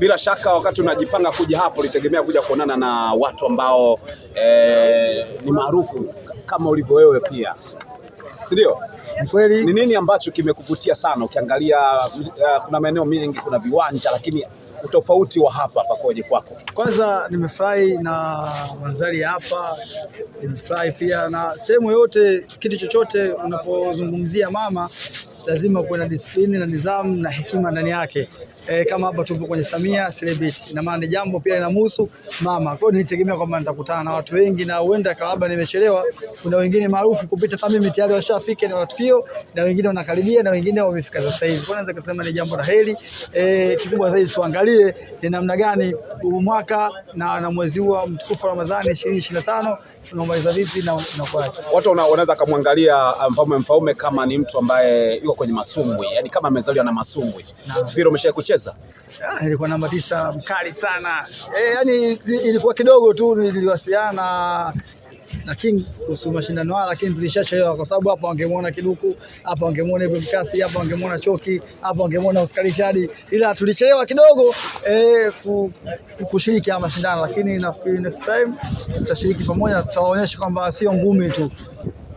bila shaka wakati unajipanga kuja hapo ulitegemea kuja kuonana na watu ambao eh, ni maarufu kama ulivyo wewe pia, si ndio? Kweli. Ni nini ambacho kimekuvutia sana ukiangalia? Uh, kuna maeneo mengi, kuna viwanja, lakini utofauti wa hapa pakoje kwako? Kwanza nimefurahi na mandhari ya hapa, nimefurahi pia na sehemu yote, kitu chochote unapozungumzia mama lazima kuwe na disiplini na nidhamu na hekima ndani yake. E, kama hapa tupo kwenye Samia Celebrity, ina maana ni jambo pia linamhusu mama. Kwa hiyo nilitegemea kwamba nitakutana na watu wengi, na huenda labda nimechelewa. Kuna wengine maarufu kupita kama mimi tayari washafika na tukio, na wengine wanakaribia na wengine wamefika sasa hivi. Kwa hiyo naweza kusema ni jambo la heri. E, kikubwa zaidi tuangalie ni namna gani huu mwaka na, na mwezi wa mtukufu Ramadhani 2025 tunaomaliza vipi na, na kwa watu wanaweza kumwangalia Mfaume Mfaume kama ni mtu ambaye amezaliwa kwenye masumbwi, yani kama amezaliwa na masumbwi. Vile umeshawahi kucheza? Nilikuwa ah, namba tisa mkali sana e, yani ilikuwa kidogo tu niliwasiliana na King kuhusu mashindano haya, lakini tulishachelewa kwa sababu hapa wangemwona Kiduku, hapa wangemwona Ibrahim Kasi, hapa wangemwona Choki, hapa wangemwona Oscar Richard, ila tulichelewa kidogo e, kushiriki haya mashindano, lakini nafikiri next time tutashiriki pamoja, tutawaonyesha kwamba sio ngumi tu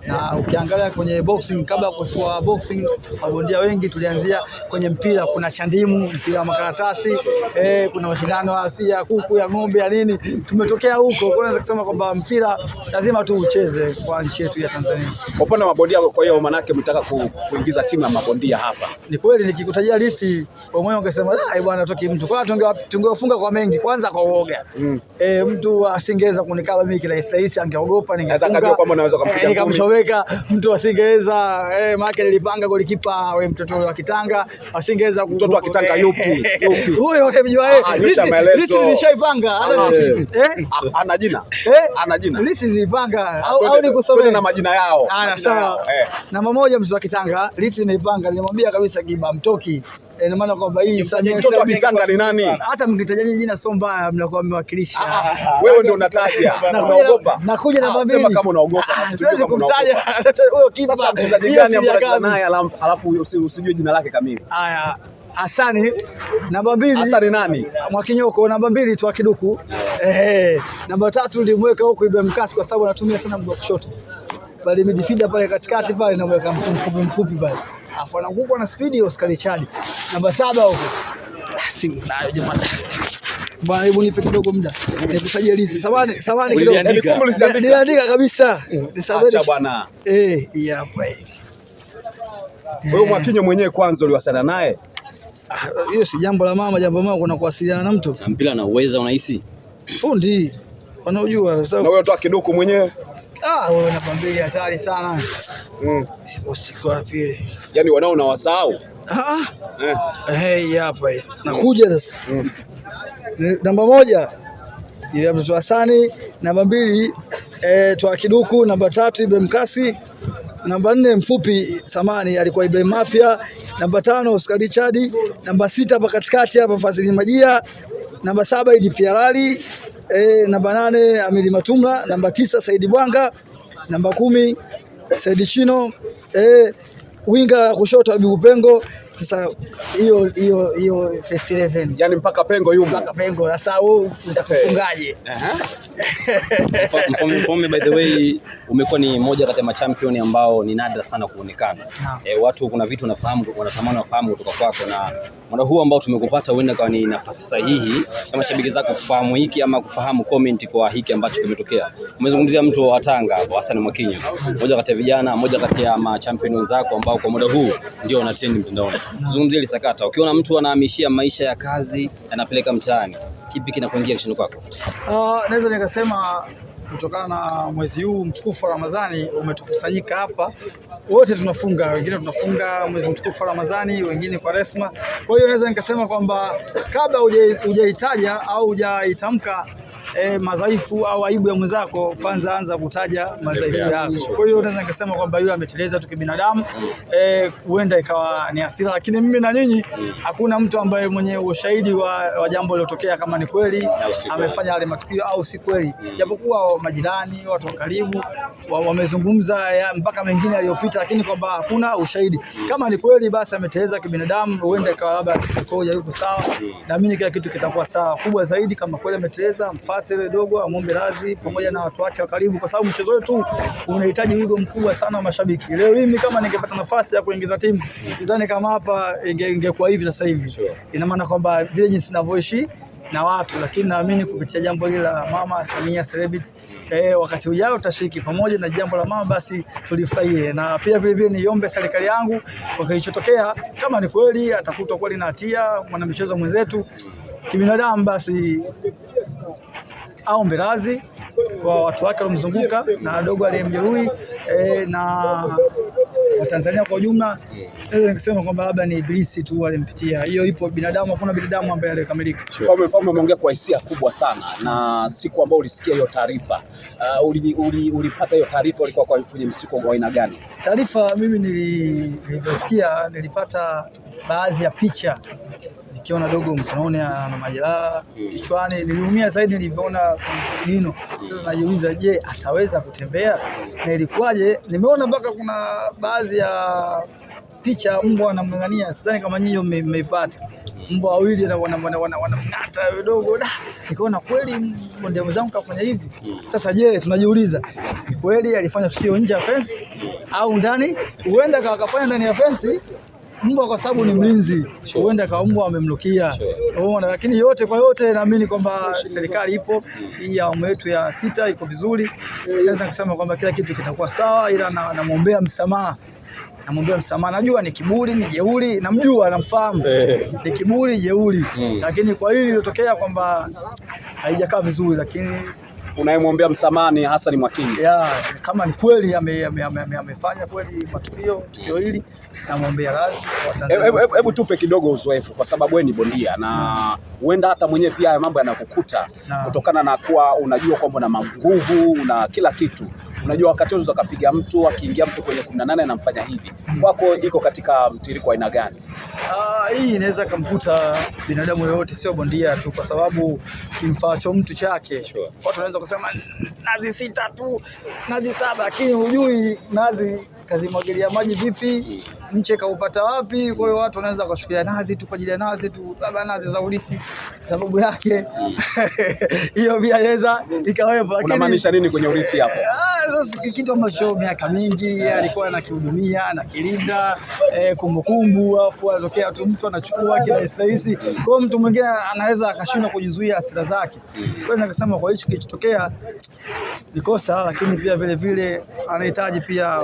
na ukiangalia kwenye boxing, kabla kuchukua boxing, mabondia wengi tulianzia kwenye mpira. Kuna chandimu, mpira wa makaratasi eh, kuna mashindano si ya kuku ya ng'ombe ya nini, tumetokea huko. Kwa hiyo kusema kwamba mpira lazima tu ucheze kwa nchi yetu ya Tanzania, kwa upande wa mabondia. Kwa hiyo maana yake mtaka ku, kuingiza timu ya mabondia hapa. Ni kweli nikikutajia listi moyo ungesema ai bwana toki mtu, kwa tungewafunga kwa mengi, kwanza kwa uoga mm. Eh, mtu asingeweza kunikaba mimi kirahisi, angeogopa ningefunga, kwamba naweza kumpiga eh, ngumi kuweka mtu asingeweza eh, maana nilipanga golikipa awe mtoto wa Kitanga, asingeweza mtoto wa Kitanga eh, yupi eh, eh. yupi huyo, mjua ah, yeye? Lisi nilishaipanga ah, eh, ah, ana jina eh, ana jina lisi nilipanga au au nikusomee na majina yao. haya Sawa, namba moja mtoto wa Kitanga, lisi nilipanga nilimwambia kabisa Giba mtoki Eh, Ina maana kwamba hii Samia mtoto akichanga ni nani? Hata mkitajaje jina sio mbaya, mnakuwa mmewakilisha. Ah, ah, ah. Wewe ndio unataja. Unaogopa. Nakuja na mimi. Sema kama unaogopa. Siwezi kumtaja. Huyo kipa. Sasa mchezaji gani ambaye naye alafu usijue jina lake kamili? Haya. Hasani namba mbili. Hasani nani? Mwakinyoko namba mbili tu akiduku. Eh, namba tatu limweka huko Ibrahim Kasi kwa sababu anatumia sana mguu wa kushoto. Pale midfielder pale katikati pale namweka mfupi mfupi pale afu Alafu nguvu na spidi Oscar Richard. Namba saba huko. Simu nayo jamani. Bwana hebu nipe kidogo muda. Nikusajilize. Samani, samani kidogo. Niliandika kabisa. Eh, acha bwana. Eh, hii hapa hii. Wewe eh. Mwakinyo mwenyewe kwanza uliwasana naye? Ah, hiyo si jambo la mama, jambo mama kuna kuwasiliana na mtu. Mpira na uweza unahisi? Fundi. Wanaojua. sasa. Na wewe toa kidogo mwenyewe. Ah, wewe hatari sana. Mm. Usiku wa pili. Yaani wanao na wasahau. Ah. ah. Eh. Hey, hapa mm. Nakuja sasa. Mm. Namba moja ya mtoto Hasani, namba mbili eh, twa Kiduku, namba tatu Ibrahim Kasi, namba nne mfupi Samani alikuwa Ibrahim Mafia, namba tano Oscar Richard, namba sita hapa katikati hapa Fazili Majia, namba saba Idi Pialali, e, namba nane Amiri Matumla, namba tisa Saidi Bwanga, namba kumi Saidi Chino, e, winga kushoto abigupengo sasa hiyo hiyo hiyo first 11. yani mpaka pengo yumo. Mpaka pengo. Sasa wewe utakufungaje eh utafungaje? Mfalme Mfalme, by the way, umekuwa ni moja kati ya champion ambao ni nadra sana kuonekana. no. E, eh, watu kuna vitu wanafahamu wanatamani wafahamu kutoka kwako, na mwana huu ambao tumekupata huenda kwa ni nafasi sahihi kama mashabiki zako kufahamu hiki ama kufahamu comment kwa hiki ambacho kimetokea. Umezungumzia mtu wa Tanga Hassan Mwakinyo, mmoja kati ya vijana, mmoja kati ya machampion wenzako ambao kwa muda huu ndio wanatrend mtandaoni zungumzia ile sakata. Ukiona mtu anahamishia maisha ya kazi anapeleka mtaani, kipi kinakuingia kishindo kwako? Uh, naweza nikasema kutokana na mwezi huu mtukufu wa Ramadhani umetukusanyika hapa, wote tunafunga, wengine tunafunga mwezi mtukufu wa Ramadhani, wengine kwa resma. Kwa hiyo naweza nikasema kwamba kabla hujaitaja au hujaitamka eh, madhaifu au aibu ya mwenzako, kwanza anza kutaja madhaifu yako. Kwa hiyo unaweza nikasema kwamba yule ameteleza tu kibinadamu, eh, huenda eh, ikawa ni hasira, lakini mimi na nyinyi, hakuna mtu ambaye mwenye ushahidi wa, wa jambo lilotokea kama ni kweli amefanya yale matukio au si kweli, japokuwa majirani, watu wa karibu wamezungumza wa mpaka mengine yaliyopita, lakini kwamba hakuna ushahidi. Kama ni kweli, basi ameteleza kibinadamu, huenda ikawa labda yuko sawa, naamini kila kitu kitakuwa sawa. Kubwa zaidi kama kweli ameteleza mfano tele dogo amwombe radhi pamoja na watu wake wa karibu, kwa sababu mchezo wetu unahitaji wigo mkubwa sana wa mashabiki. Leo mimi kama ningepata nafasi ya kuingiza timu, sidhani kama hapa ingekuwa inge hivi sasa hivi. Ina maana kwamba vile jinsi ninavyoishi na watu lakini naamini kupitia jambo hili la Mama Samia Celebrity eh, wakati ujao tutashiriki pamoja na jambo la mama, basi tulifurahie. Na pia vile vile niombe serikali yangu kwa kilichotokea, kama ni kweli atakutwa kweli na hatia mwanamichezo mwenzetu kibinadamu, basi au mbirazi kwa watu wake waliomzunguka na wadogo aliyemjeruhi e, na Watanzania kwa ujumla. Naweza nikasema kwamba labda ni ibilisi tu alimpitia. Hiyo ipo binadamu, hakuna binadamu ambaye alikamilika. Mfalme Mfalme umeongea kwa hisia kubwa sana, na siku ambayo ulisikia hiyo taarifa uh, ulipata uli, uli hiyo taarifa ulikuwa kwenye mshtuko wa aina gani? Taarifa mimi nilivyosikia nilipata baadhi ya picha nikiona dogo mkononi ana majeraha mm. kichwani, niliumia zaidi nilivyoona Ino. Sasa najiuliza, je, ataweza kutembea na ilikuwaje? Nimeona mpaka kuna baadhi ya picha mbwa anamng'ang'ania, sidhani kama nyinyi mmeipata mbwa wawili wanamng'ata dogo da, nikaona kweli ndio mwenzangu kafanya hivi. Sasa je, tunajiuliza ni kweli alifanya tukio nje ya fence au ndani? Huenda kafanya ndani ya fence Mbwa kwa sababu ni mlinzi, huenda kwa Kawa mbwa amemlukia sure. lakini yote kwa yote naamini kwamba serikali ipo, hii awamu yetu ya sita iko vizuri. Naweza kusema kwamba kila kitu kitakuwa sawa, ila namwombea na msamaha namwambia msamaha. Najua ni kiburi, ni jeuri, namjua, namfahamu eh. ni kiburi, jeuri, hmm. lakini kwa hili lilotokea kwamba haijakaa vizuri, lakini unayemwombea msamaha ni Hassan Mwakinyo. Yeah, kama ni kweli amefanya kweli matukio tukio hili namwombea radhi. Hebu tupe kidogo uzoefu, kwa sababu wewe ni bondia na huenda hata mwenyewe pia haya mambo yanakukuta kutokana na kuwa unajua kwamba una nguvu una kila kitu unajua wakati wote akapiga mtu akiingia mtu kwenye 18 anamfanya hivi. Mm. Kwako iko katika mtiririko wa aina gani? Ah, hii inaweza kumkuta binadamu yoyote, sio bondia tu, kwa sababu kimfaacho mtu chake. Sure. Watu wanaweza kusema nazi sita tu, nazi saba, lakini hujui nazi kazimwagilia maji vipi, mche kaupata wapi. Kwa hiyo watu wanaweza kushukia nazi tu kwa ajili ya nazi tu, baba nazi za ulisi sababu yake hiyo pia inaweza ikawepo. Lakini Unamaanisha nini kwenye urithi hapo? Ah, Sasa kitu ambacho miaka mingi alikuwa anakihudumia anakilinda, eh, kumbukumbu, afu anatokea tu mtu anachukua kirahisi. Kwa mtu mwingine anaweza akashindwa kujizuia hasira zake, kwanza akasema kwa hicho kilichotokea ni kosa, lakini pia vile vile anahitaji pia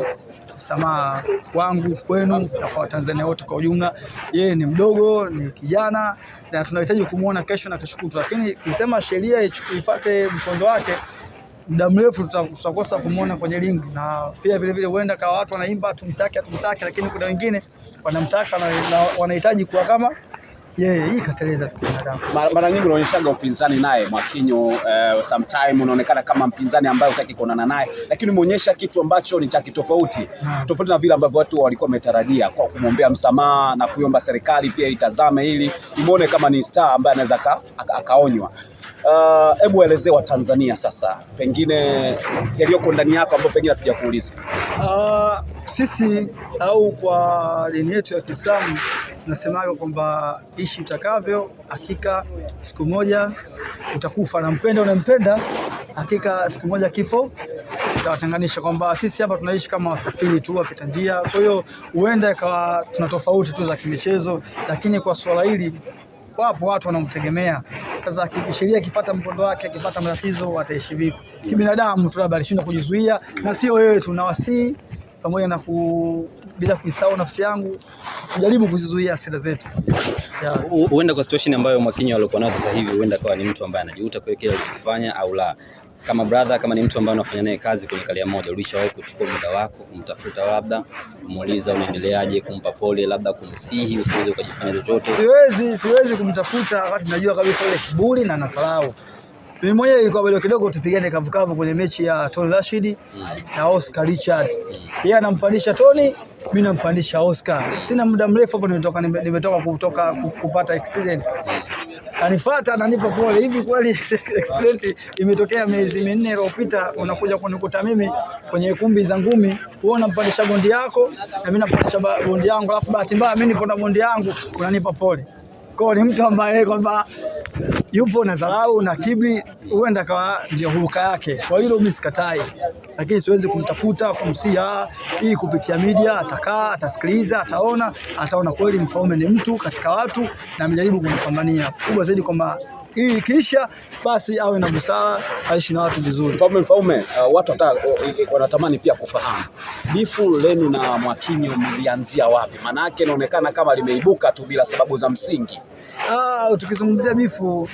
msamaha kwangu, kwenu na kwa Watanzania wote kwa ujumla. Yeye ni mdogo, ni kijana na tunahitaji kumwona kesho na kesho, lakini kisema sheria ifuate mkondo wake muda mrefu tutakosa kumwona kwenye ringi, na pia vilevile huenda kwa watu wanaimba tumtake, atumtake, lakini kuna wengine wanamtaka na wanahitaji kuwa kama yeye hii kateleza tu binadamu. Mara nyingi unaonyeshaga upinzani naye Mwakinyo, uh, sometime unaonekana kama mpinzani ambaye hutaki kuonana naye, lakini umeonyesha kitu ambacho ni cha kitofauti hmm, tofauti na vile ambavyo watu walikuwa wametarajia kwa kumwombea msamaha na kuiomba serikali pia itazame ili imuone kama ni star ambaye anaweza akaonywa hebu uh, waelezee Watanzania sasa pengine yaliyoko ndani yako ambayo pengine kuuliza. Uh, sisi au kwa dini yetu ya Kiislamu tunasemaga kwamba ishi utakavyo, hakika siku moja utakufa, na mpenda unampenda, hakika siku moja kifo utawatenganisha, kwamba sisi hapa tunaishi kama wasafiri tu, wapita njia. Kwa hiyo huenda ikawa tuna tofauti tu za kimichezo, lakini kwa swala hili wapo watu wanamtegemea. Sasa kisheria akifuata mkondo wake, akipata matatizo, wataishi vipi? Kibinadamu tu labda alishindwa kujizuia, na sio wewe tu, nawasii pamoja na ku bila kuisahau nafsi yangu, tujaribu kuzizuia hasira zetu. Huenda yeah, kwa situation ambayo Mwakinyo alikuwa nayo sasa hivi, huenda kawa ni mtu ambaye anajiuta kwa kile alichofanya au la kama brother, kama ni mtu ambaye unafanya naye kazi kwenye kalia moja, ulishawahi kuchukua muda wako kumtafuta, labda kumuuliza unaendeleaje, kumpa pole, labda kumsihi usiweze ukajifanya chochote? Siwezi, siwezi kumtafuta wakati najua kabisa ile kiburi na nasalau mimi mwenyewe ilikuwa bado kidogo tupigane kavukavu kwenye mechi ya Tony Rashid mm. na Oscar Richard. Yeye anampandisha Tony, mimi nampandisha Oscar. Sina muda mrefu hapo nimetoka nimetoka kutoka kupata accident. Kanifuata ananipa pole. Hivi kweli accident imetokea miezi minne iliyopita, unakuja kunikuta mimi kwenye kumbi za ngumi, wewe unampandisha bondi yako na mimi napandisha bondi yangu, alafu bahati mbaya mimi niko na bondi yangu, unanipa pole. Kwa ni mtu ambaye kwamba yupo na dharau na kibri, huenda kawa ndio huruka yake. Kwa hilo mimi sikatai lakini siwezi kumtafuta kumsia hii kupitia media. Atakaa, atasikiliza, ataona, ataona kweli Mfaume ni mtu katika watu na amejaribu kunipambania kubwa zaidi kwamba hii ikiisha basi awe na busara, aishi na watu vizuri. Mfaume Mfaume, uh, watu hata wanatamani pia kufahamu bifu leni na Mwakinyo mlianzia wapi? Maana yake inaonekana kama limeibuka tu bila sababu za msingi. Ah, tukizungumzia bifu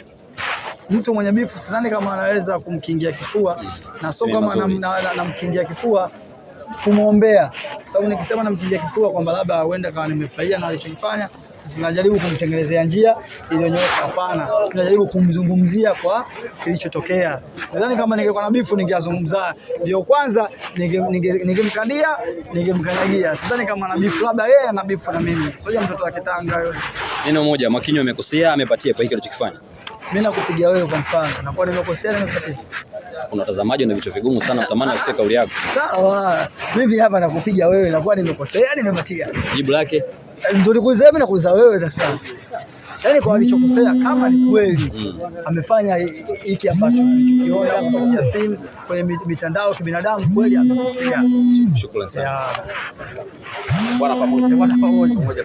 mtu mwenye bifu sidhani kama anaweza kumkingia kifua, na sio kama anamkingia kifua kumwombea, sababu nikisema namkingia kifua kwamba labda huenda kama nimefurahia na alichofanya tunajaribu kumtengenezea njia iliyonyooka. Hapana, tunajaribu kumzungumzia kwa kilichotokea. Sidhani kama ningekuwa na bifu ningezungumza, ndio kwanza ningemkandia ningemkanyagia. Sidhani kama na bifu, labda yeye ana bifu na mimi, Soja mtoto wa Kitanga yule. Neno moja Mwakinyo amekosea, amepatia kwa hiki alichokifanya mimi nakupigia wewe kwa mfano, nakuwa nimekosea na Kuna watazamaji wana vitu vigumu sana, utamani usikie kauli yako. Sawa, mimi hapa nakupiga wewe, nakuwa nimekosea, nimepatia. Jibu lake ndio nikuuliza mimi, nakuuliza wewe sasa. Yaani kwa alichokosea kama ni kweli mm. amefanya hiki ambacho tulichokiona kwa simu kwenye mitandao kibinadamu, kweli amekosea. Shukrani sana. Bwana pamoja, bwana pamoja.